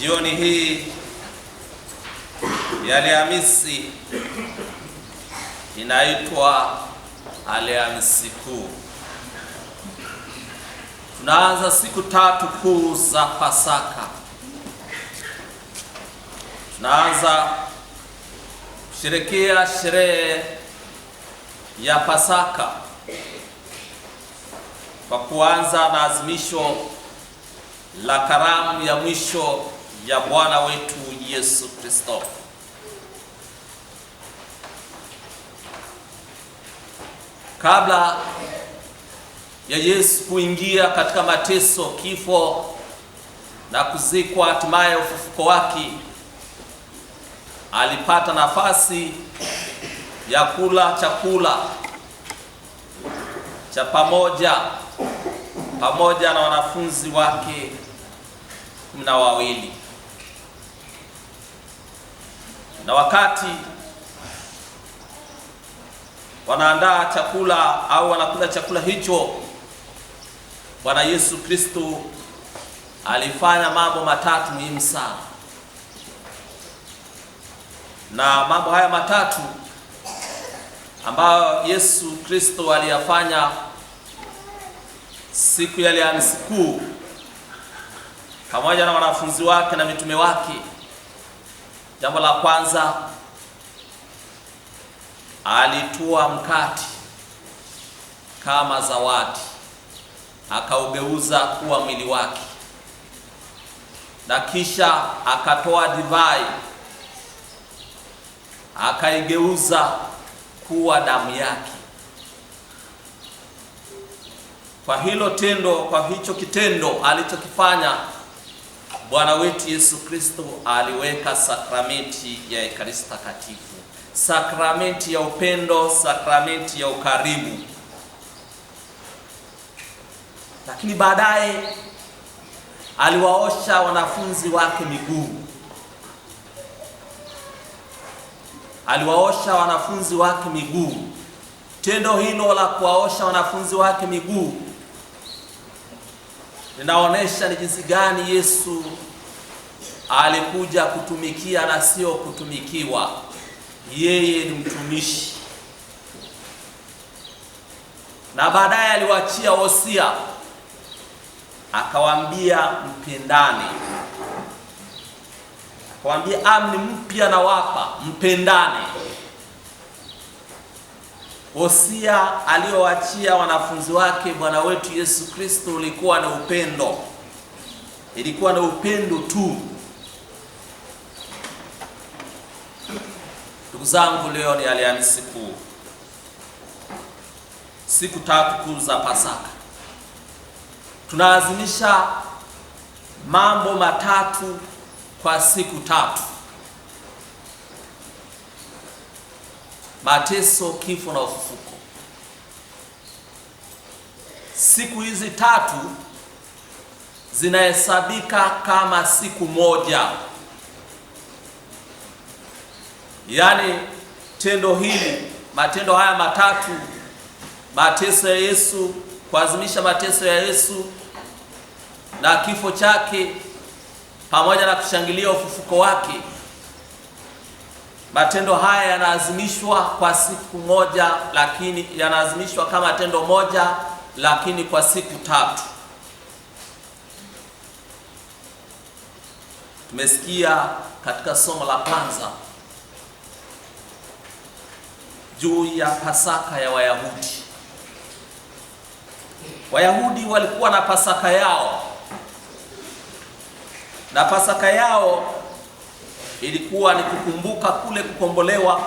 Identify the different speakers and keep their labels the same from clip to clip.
Speaker 1: jioni hii ya Alhamisi inaitwa Alhamisi Kuu. Tunaanza siku tatu kuu za Pasaka. Tunaanza kusherekea sherehe ya Pasaka kwa kuanza na azimisho la karamu ya mwisho ya Bwana wetu Yesu Kristo. Kabla ya Yesu kuingia katika mateso, kifo na kuzikwa, hatimaye ufufuko wake, alipata nafasi ya kula chakula cha pamoja pamoja na wanafunzi wake kumi na wawili na wakati wanaandaa chakula au wanakula chakula hicho, Bwana Yesu Kristo alifanya mambo matatu muhimu sana, na mambo haya matatu ambayo Yesu Kristo aliyafanya siku ya Alhamisi Kuu pamoja na wanafunzi wake na mitume wake Jambo la kwanza alitua mkate kama zawadi, akaugeuza kuwa mwili wake, na kisha akatoa divai akaigeuza kuwa damu yake. Kwa hilo tendo, kwa hicho kitendo alichokifanya Bwana wetu Yesu Kristo aliweka sakramenti ya Ekaristi Takatifu, sakramenti ya upendo, sakramenti ya ukaribu. Lakini baadaye aliwaosha wanafunzi wake miguu, aliwaosha wanafunzi wake miguu. Tendo hilo la kuwaosha wanafunzi wake miguu linaonyesha ni jinsi gani Yesu alikuja kutumikia na sio kutumikiwa. Yeye ni mtumishi, na baadaye aliwaachia wosia, akawaambia mpendane, akawaambia amri mpya na wapa mpendane. Wosia aliyowaachia wanafunzi wake Bwana wetu Yesu Kristo ulikuwa na upendo, ilikuwa na upendo tu. Ndugu zangu, leo ni Alhamisi Kuu, siku tatu kuu za Pasaka. Tunaazimisha mambo matatu kwa siku tatu: mateso, kifo na ufufuko. Siku hizi tatu zinahesabika kama siku moja. Yaani tendo hili, matendo haya matatu, mateso ya Yesu, kuazimisha mateso ya Yesu na kifo chake pamoja na kushangilia ufufuko wake, matendo haya yanaazimishwa kwa siku moja, lakini yanaazimishwa kama tendo moja, lakini kwa siku tatu. Tumesikia katika somo la kwanza juu ya Pasaka ya Wayahudi. Wayahudi walikuwa na Pasaka yao, na Pasaka yao ilikuwa ni kukumbuka kule kukombolewa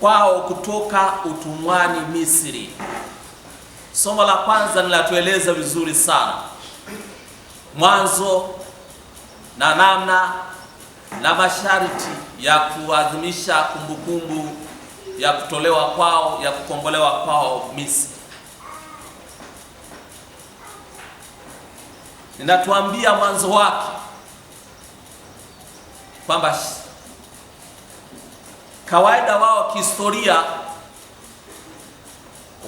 Speaker 1: kwao kutoka utumwani Misri. Somo la kwanza linatueleza vizuri sana mwanzo na namna na masharti ya kuadhimisha kumbukumbu ya kutolewa kwao, ya kukombolewa kwao Misri. Ninatuambia mwanzo wake kwamba kawaida wao kihistoria,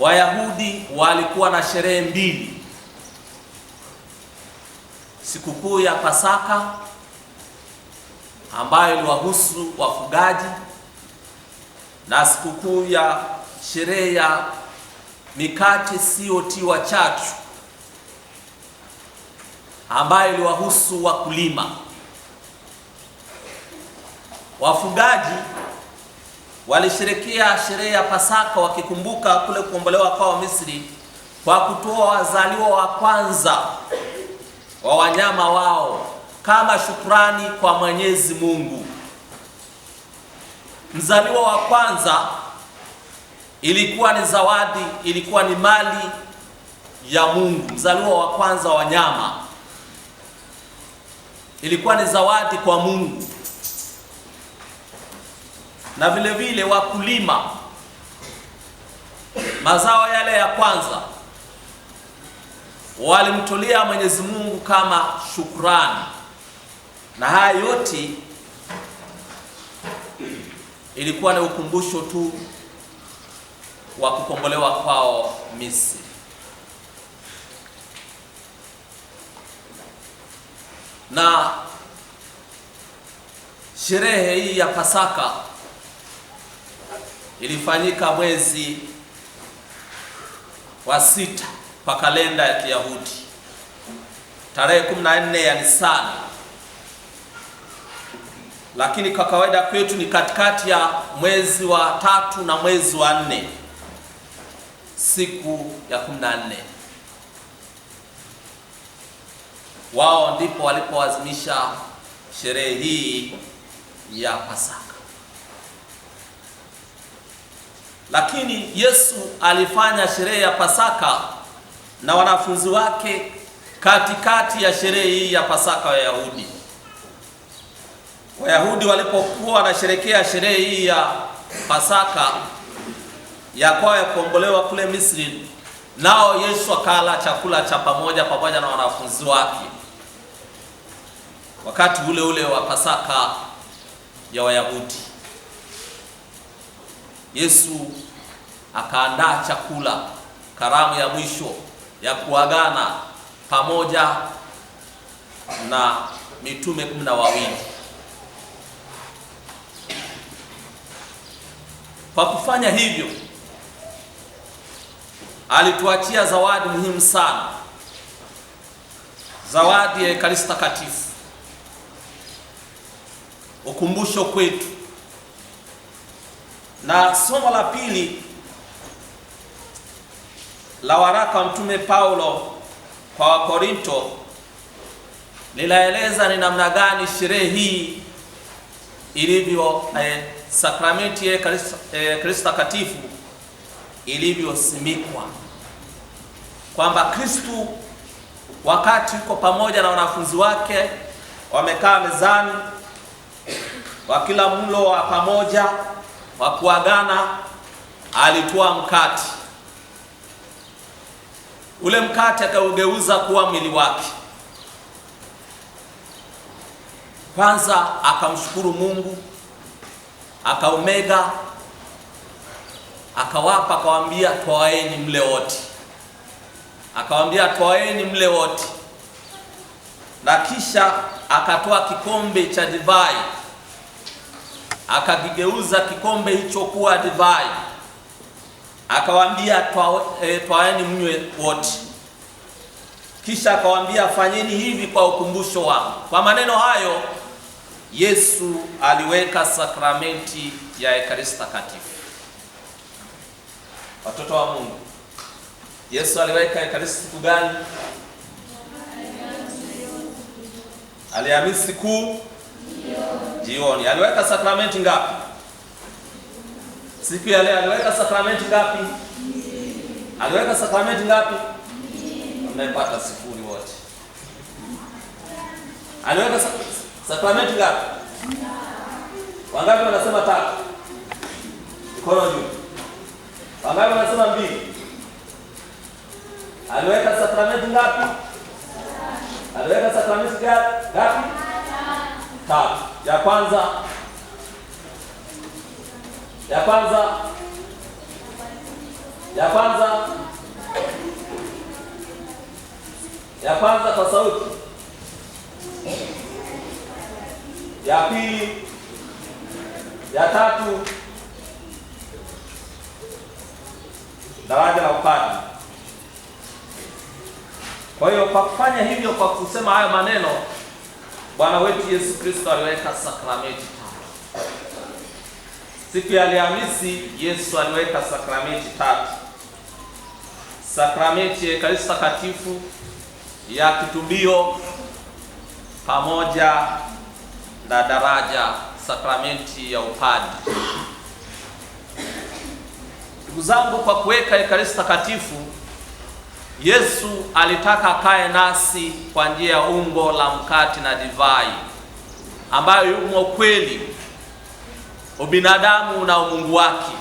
Speaker 1: Wayahudi walikuwa na sherehe mbili, sikukuu ya Pasaka ambayo iliwahusu wafugaji na sikukuu ya sherehe ya mikate isiyotiwa chachu ambayo iliwahusu wakulima, wafugaji walisherekea sherehe ya Pasaka wakikumbuka kule kuombolewa kwao Misri kwa kutoa wazaliwa wa kwanza wa wanyama wao kama shukrani kwa Mwenyezi Mungu. Mzaliwa wa kwanza ilikuwa ni zawadi, ilikuwa ni mali ya Mungu. Mzaliwa wa kwanza wa nyama ilikuwa ni zawadi kwa Mungu, na vile vile wakulima, mazao yale ya kwanza walimtolea Mwenyezi Mungu kama shukrani, na haya yote ilikuwa ni ukumbusho tu wa kukombolewa kwao Misri. Na sherehe hii ya Pasaka ilifanyika mwezi wa sita kwa kalenda ya Kiyahudi tarehe 14 ya Nisani lakini kwa kawaida kwetu ni katikati ya mwezi wa tatu na mwezi wa nne, siku ya kumi na nne wao ndipo walipoazimisha sherehe hii ya Pasaka. Lakini Yesu alifanya sherehe ya Pasaka na wanafunzi wake katikati ya sherehe hii ya Pasaka ya Wayahudi. Wayahudi walipokuwa wanasherekea sherehe hii ya Pasaka ya kwao ya kuombolewa kule Misri, nao Yesu akala chakula cha pamoja pamoja na wanafunzi wake, wakati ule ule wa Pasaka ya Wayahudi. Yesu akaandaa chakula, karamu ya mwisho ya kuagana pamoja na mitume kumi na wawili. Kwa kufanya hivyo, alituachia zawadi muhimu sana, zawadi ya Ekaristi Takatifu, ukumbusho kwetu. Na somo la pili la waraka wa Mtume Paulo kwa Wakorinto linaeleza ni namna gani sherehe hii ilivyo eh, sakramenti ya Kristo takatifu ilivyosimikwa, kwamba Kristu wakati yuko pamoja na wanafunzi wake wamekaa mezani wakila mlo wa pamoja wa kuagana, alitoa mkate ule mkate akaugeuza kuwa mwili wake. Kwanza akamshukuru Mungu akaumega akawapa, akawaambia twaeni mle wote, akawaambia twaeni mle wote, na kisha akatoa kikombe cha divai akakigeuza kikombe hicho kuwa divai, akawaambia eh, twaeni, e, mnywe wote. Kisha akawaambia fanyeni hivi kwa ukumbusho wangu. Kwa maneno hayo Yesu aliweka sakramenti ya Ekaristi Takatifu. Watoto wa Mungu, Yesu aliweka Ekaristi siku gani? Alihamisi Kuu jioni. Aliweka sakramenti ngapi? Siku ya leo aliweka sakramenti ngapi? Aliweka sakramenti ngapi? Mnaipata sifuri wote. Aliweka sakramenti Sakramenti ngapi? Wangapi wanasema tatu? Mkono juu. Wangapi wanasema mbili? Aliweka sakramenti ngapi? Aliweka sakramenti ngapi? Tatu. Ya kwanza, ya kwanza, ya kwanza, ya kwanza kwa sauti ya pili, ya tatu, daraja la upadre. Kwa hiyo kwa kufanya hivyo, kwa kusema hayo maneno, Bwana wetu Yesu Kristo aliweka sakramenti tatu. Siku ya Alhamisi Yesu aliweka sakramenti tatu: sakramenti ya Ekaristi Takatifu, ya kitubio pamoja na daraja sakramenti ya upadi. Ndugu zangu, kwa kuweka ekaristi takatifu, Yesu alitaka kae nasi kwa njia ya ungo la mkate na divai, ambayo yumo kweli, ubinadamu na umungu wake.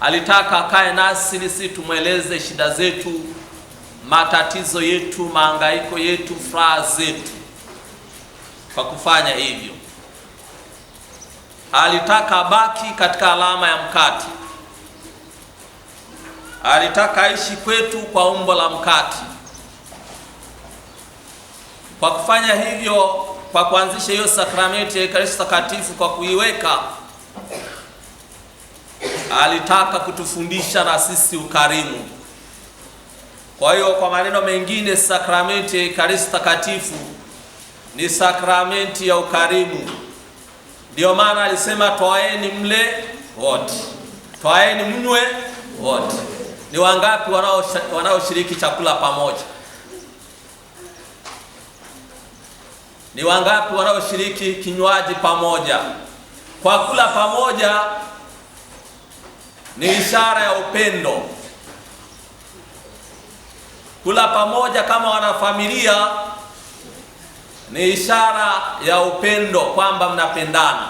Speaker 1: Alitaka kae nasi nisi tumweleze shida zetu, matatizo yetu, maangaiko yetu, furaha zetu kwa kufanya hivyo. Alitaka baki katika alama ya mkati alitaka aishi kwetu kwa umbo la mkati Kwa kufanya hivyo, kwa kuanzisha hiyo sakramenti ya Ekaristi Takatifu, kwa kuiweka, alitaka kutufundisha na sisi ukarimu. Kwa hiyo, kwa maneno mengine, sakramenti ya Ekaristi Takatifu ni sakramenti ya ukarimu. Ndio maana alisema twaeni mle wote, twaeni mnywe wote. Ni wangapi wanaoshiriki chakula pamoja? Ni wangapi wanaoshiriki kinywaji pamoja? Kwa kula pamoja ni ishara ya upendo. Kula pamoja kama wanafamilia ni ishara ya upendo kwamba mnapendana.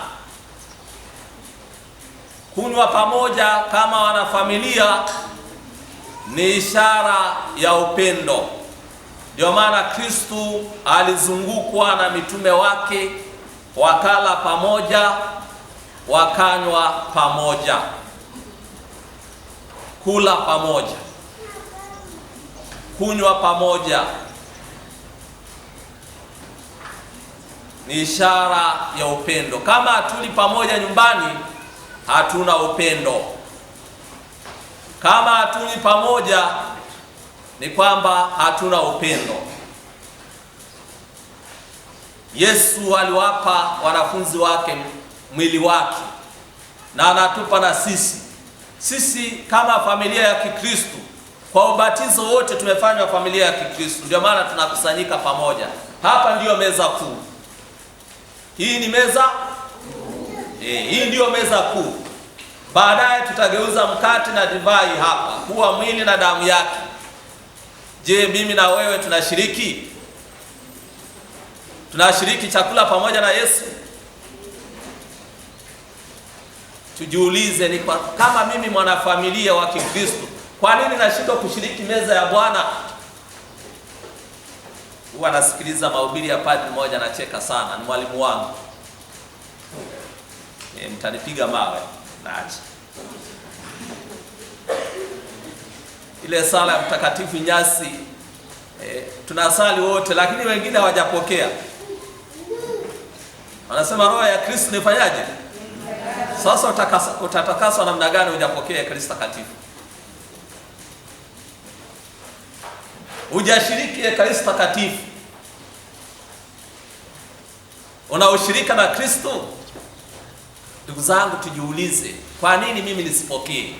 Speaker 1: Kunywa pamoja kama wanafamilia ni ishara ya upendo. Ndio maana Kristu alizungukwa na mitume wake, wakala pamoja, wakanywa pamoja, kula pamoja, kunywa pamoja ni ishara ya upendo. Kama hatuli pamoja nyumbani, hatuna upendo. Kama hatuli pamoja, ni kwamba hatuna upendo. Yesu aliwapa wanafunzi wake mwili wake na anatupa na sisi. Sisi kama familia ya Kikristo kwa ubatizo wote tumefanywa familia ya Kikristo, ndio maana tunakusanyika pamoja hapa, ndiyo meza kuu. Hii ni meza e, hii ndiyo meza kuu. Baadaye tutageuza mkate na divai hapa kuwa mwili na damu yake. Je, mimi na wewe tunashiriki? Tunashiriki chakula pamoja na Yesu? Tujiulize, ni kwa kama mimi mwanafamilia wa Kikristo, kwa nini nashindwa kushiriki meza ya Bwana huwa nasikiliza mahubiri ya padri mmoja, anacheka sana, ni mwalimu wangu e, mtanipiga mawe naacha. Ile sala ya mtakatifu Nyasi e, tunasali wote, lakini wengine hawajapokea, wanasema roho ya Kristo nifanyaje? Sasa utatakaswa namna gani hujapokea Kristo takatifu? hujashiriki Ekaristi Takatifu. unaushirika na Kristo, ndugu zangu, tujiulize, kwa nini mimi nisipokee?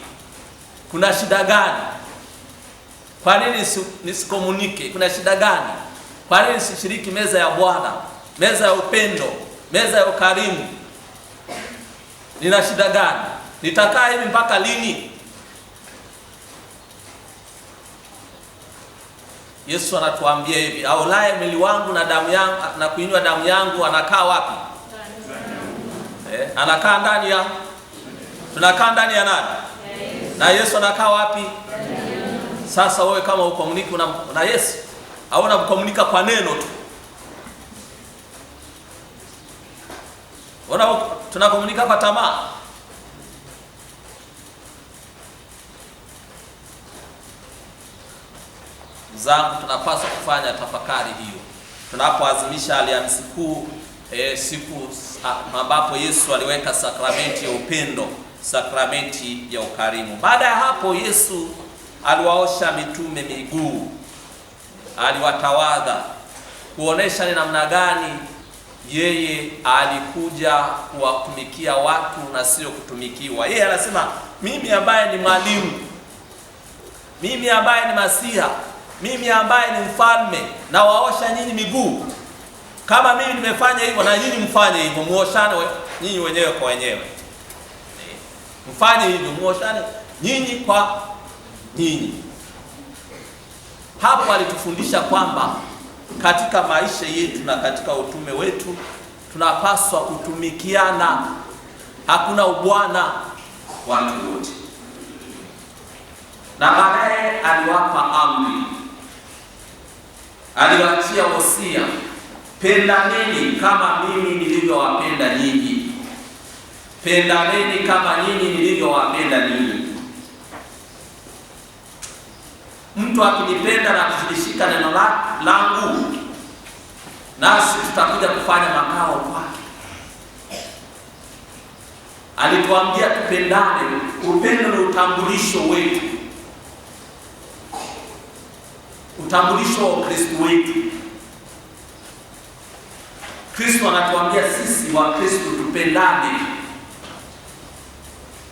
Speaker 1: Kuna shida gani? Kwa nini nisikomunike? Kuna shida gani? Kwa nini nisishiriki meza ya Bwana, meza ya upendo, meza ya ukarimu? Nina shida gani? Nitakaa hivi mpaka lini? Yesu anatuambia hivi, aulaye mwili wangu na damu yangu na kuinywa damu yangu anakaa wapi? Eh, anakaa ndani ya tunakaa ndani ya nani? Na Yesu anakaa wapi? Sasa wewe kama ukomuniki na, na Yesu au unamkomunika kwa neno tu, tunakomunika kwa tamaa zangu, tunapaswa kufanya tafakari hiyo tunapoazimisha Alhamisi Kuu, e, siku ambapo Yesu aliweka sakramenti ya upendo, sakramenti ya ukarimu. Baada ya hapo, Yesu aliwaosha mitume miguu, aliwatawadha kuonesha ni namna gani yeye alikuja kuwatumikia watu na sio kutumikiwa. Yeye anasema mimi ambaye ni mwalimu, mimi ambaye ni Masiha mimi ambaye ni mfalme na waosha nyinyi miguu. Kama mimi nimefanya hivyo, na nyinyi mfanye hivyo, muoshane nyinyi wenyewe kwa wenyewe. Mfanye hivyo, muoshane nyinyi kwa nyinyi. Hapo alitufundisha kwamba katika maisha yetu na katika utume wetu tunapaswa kutumikiana, hakuna ubwana wa mtu na baadaye aliwapa amri aliwaachia wosia, pendaneni kama mimi nilivyowapenda nyinyi, pendaneni kama nyinyi nilivyowapenda ninyi. Mtu akinipenda na kulishika neno langu, nasi tutakuja kufanya makao kwake. Alituambia tupendane, upendo ni utambulisho wetu utambulisho wa Kristo wetu. Kristo anatuambia sisi wa Kristo tupendane.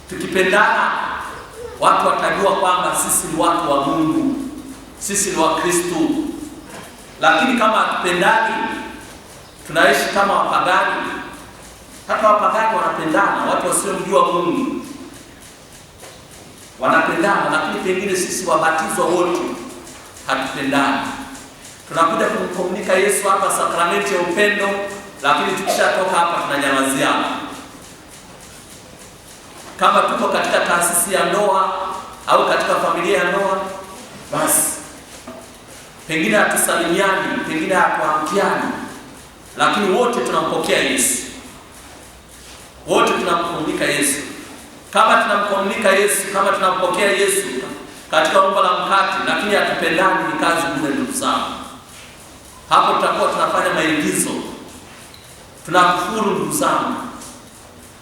Speaker 1: Tukipendana watu watajua kwamba sisi ni watu wa Mungu, sisi ni wa Kristo. Lakini kama hatupendani, tunaishi kama wapagani. Hata wapagani wanapendana, watu wasiomjua Mungu wanapendana, lakini pengine sisi wabatizwa wote hatupendani. Tunakuja kumkomunika Yesu hapa sakramenti ya upendo, lakini tukishatoka hapa tunanyamaziana. Kama tuko katika taasisi ya ndoa au katika familia ya ndoa, basi pengine hatusalimiani, pengine hatuamkiani, lakini wote tunampokea Yesu, wote tunamkomunika Yesu. Kama tunamkomunika Yesu, kama tunampokea Yesu katika umbo la mkate, lakini hatupendani, ni kazi bure, ndugu zangu. Hapo tutakuwa tunafanya maigizo, tunakufuru ndugu zangu.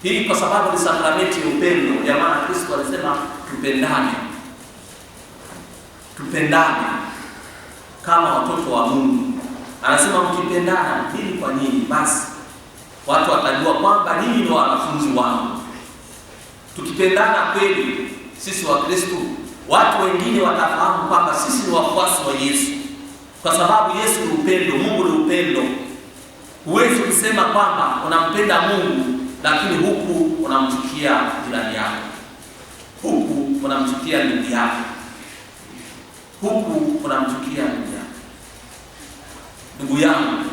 Speaker 1: Hii kwa sababu ni sakramenti ya upendo, maana Kristo alisema tupendane, tupendane kama watoto wa Mungu. Anasema mkipendana hili kwa nini basi watu watajua kwamba ninyi ni wanafunzi wangu. Tukipendana kweli sisi Kristo, watu wengine watafahamu kwamba sisi ni wafuasi wa Yesu, kwa sababu Yesu ni upendo, Mungu ni upendo. Huwezi kusema kwamba unampenda Mungu lakini huku unamchukia jirani yako, huku unamchukia ndugu yako, huku unamchukia ndugu yako. Ndugu yangu,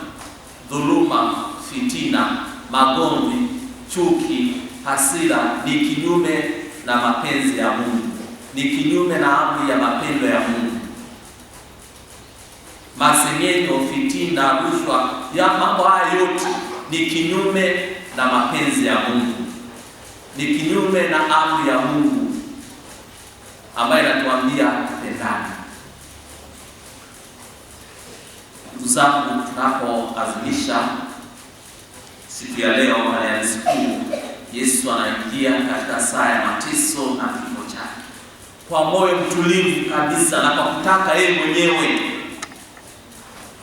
Speaker 1: dhuluma, fitina, magomvi, chuki, hasira ni kinyume na mapenzi ya Mungu ni kinyume na amri ya mapendo ya Mungu. Masengenyo, fitina, rushwa ya mambo haya yote ni kinyume na mapenzi ya Mungu, ni kinyume na amri ya Mungu ambayo anatuambia tupendane. Ndugu zangu, tunapoazimisha siku ya leo Alhamisi Kuu, Yesu anaingia katika saa ya mateso na kwa moyo mtulivu kabisa na kwa kutaka yeye mwenyewe.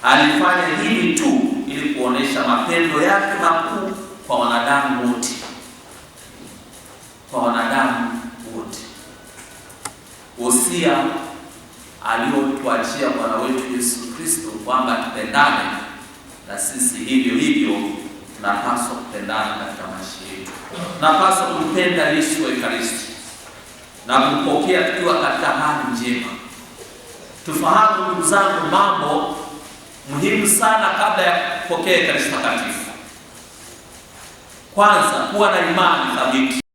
Speaker 1: Alifanya hivi tu ili kuonesha mapendo yake makuu kwa wanadamu wote, kwa wanadamu wote. Usia aliotuachia Bwana wetu Yesu Kristo kwamba tupendane, na sisi hivyo hivyo tunapaswa kupendana katika maisha yetu, tunapaswa kumpenda Yesu wa Ekaristi na kupokea tukiwa katika hali njema. Tufahamu ndugu zangu, mambo muhimu sana kabla ya kupokea Ekaristi Takatifu. Kwanza, kuwa na imani thabiti.